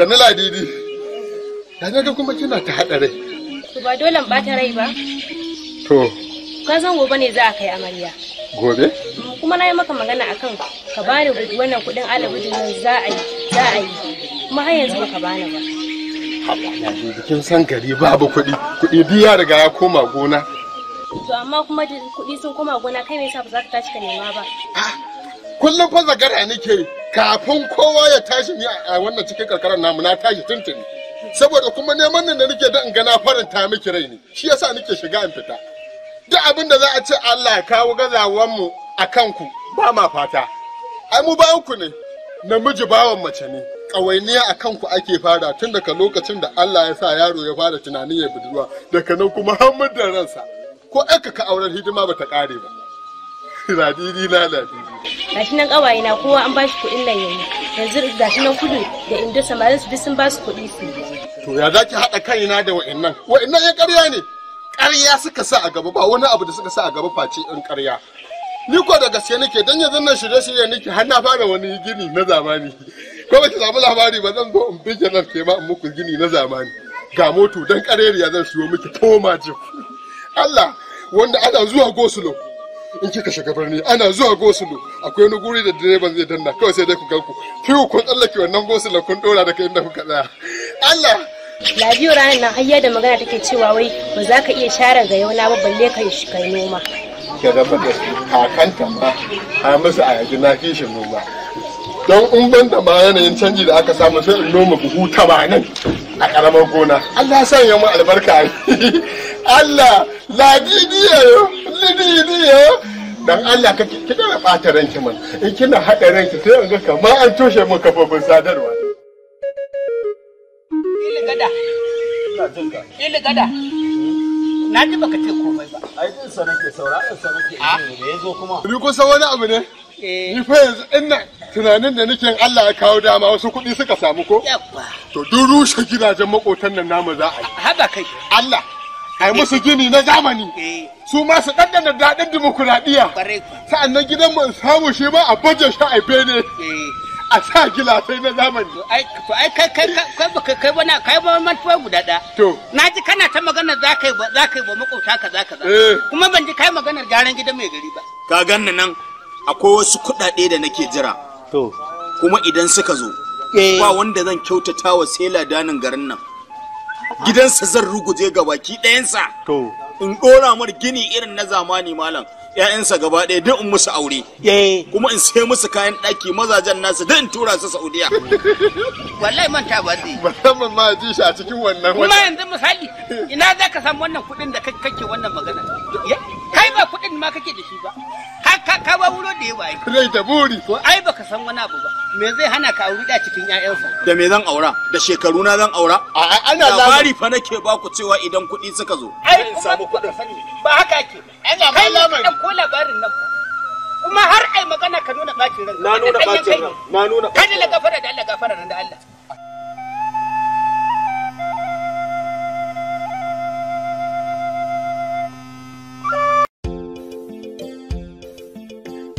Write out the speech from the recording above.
sannu ladidi da na ga kuma kina ta haɗa rai to ba dole bata rai ba to ka san gobe ne za a kai amarya gobe kuma na yi maka magana akan ka bani wannan kuɗin alabudin za a yi za a yi kuma har yanzu baka bani ba kin san gari babu kuɗi kuɗi biya riga ya koma gona to amma kuma kuɗi sun koma gona kai ne yasa ba za ka tashi ka nema ba ah, kullum fa zagara nake kafin kowa ya tashi ni a wannan cikin karkarar namu na tashi tuntuni saboda kuma neman nan da nake da in ga na faranta miki rai ne shi yasa nake shiga in fita duk abin da za a ce Allah ya kawo gazawan mu a kanku ba ma fata ai mu ba ku ne namiji bawan mace ne ƙawainiya a kanku ake fara tun daga lokacin da Allah ya sa yaro ya fara tunanin ya budurwa daga nan kuma hamar da ransa ko aka ka auren hidima ba ta kare ba radidi na ladidi gashi nan kawaye na kowa an bashi kuɗin nan yayi yanzu gashi nan kudu da indo samarin su duk sun basu kuɗi su to ya zaki haɗa kaina da wa'annan wa'annan ya ƙarya ne ƙarya suka sa a gaba ba wani abu da suka sa a gaba face in ƙarya ni ko da gaske nake dan yanzu nan shirye-shirye nake har na fara wani gini na zamani ko ki samu labari ba zan zo in bige nan ke ma in muku gini na zamani ga moto dan ƙareriya zan siyo miki toma jin Allah wanda ana zuwa gosulo in kika shiga birni ana zuwa gosulo akwai wani guri da direban zai danna kawai sai dai ku ganku fiwu kun tsallake wannan gosulo kun dora daga inda kuka tsaya Allah Ladiyo ranar nan hayya da magana take cewa wai ba za ka iya share ga yau na ba balle ka shi kai noma. Kira raba da kakanta ma a musu a yaji na kishin noma. Don in ban da ma yanayin canji da aka samu sai in noma buhu tamanin a ƙaramar gona. Allah ya sanya mu albarka. Allah ladiyo. ya dan Allah kake ki dana fata ranki man in kina hada ranki sai an ga kamar an toshe mun kafofin sadarwa gada iligada gada na ji baka ce komai ba ai din sa nake sauraron sa nake ah. me yazo kuma ni kusa wani abu ne eh ni fa yanzu ina tunanin da nake Allah ya kawo dama wasu kuɗi suka samu ko yabba to duk rushe gidajen makotan nan namu za a yi haɗa kai Allah a musu gini na zamani eh. su ma su ɗanɗana daɗin dimokuraɗiyya sa'annan gidan mu samu shi ma a baje shi a bene eh. a sa gilasai na zamani to ai kai kai kai kai wani kai ba mantuwa guda ɗaya to na ji kana ta magana za ka yi ba za ka yi ba makauta ka za ka za eh. kuma ban ji kai maganar gyaran gidan mai gari ba ka ganna nan akwai wasu kuɗaɗe da nake jira to kuma idan suka zo ba wanda zan kyautata wa sai danin garin nan gidansa zan ruguje ga baki ɗayansa to in ɗora mar gini irin na zamani malam ‘ya'yansa gaba ɗaya duk in musu aure eh. kuma in sai musu kayan ɗaki mazajen nasu duk in tura su saudiya wallahi manta ba zai musamman ma ji shi a cikin wannan kuma yanzu misali ina za ka san wannan kuɗin da kake wannan magana kai ma kake da shi ba ka ka ba wuro da yawa rai da buri to ai baka san wani abu ba me zai hana ka auri da cikin ƴaƴansa da me zan aura da shekaru na zan aura a ana labari fa nake ba ku cewa idan kuɗi suka zo ai samu kuɗin ba haka ake ana ma labari ko labarin nan kuma har ai magana ka nuna bakin ran na nuna bakin ran na nuna kada la gafara da Allah gafara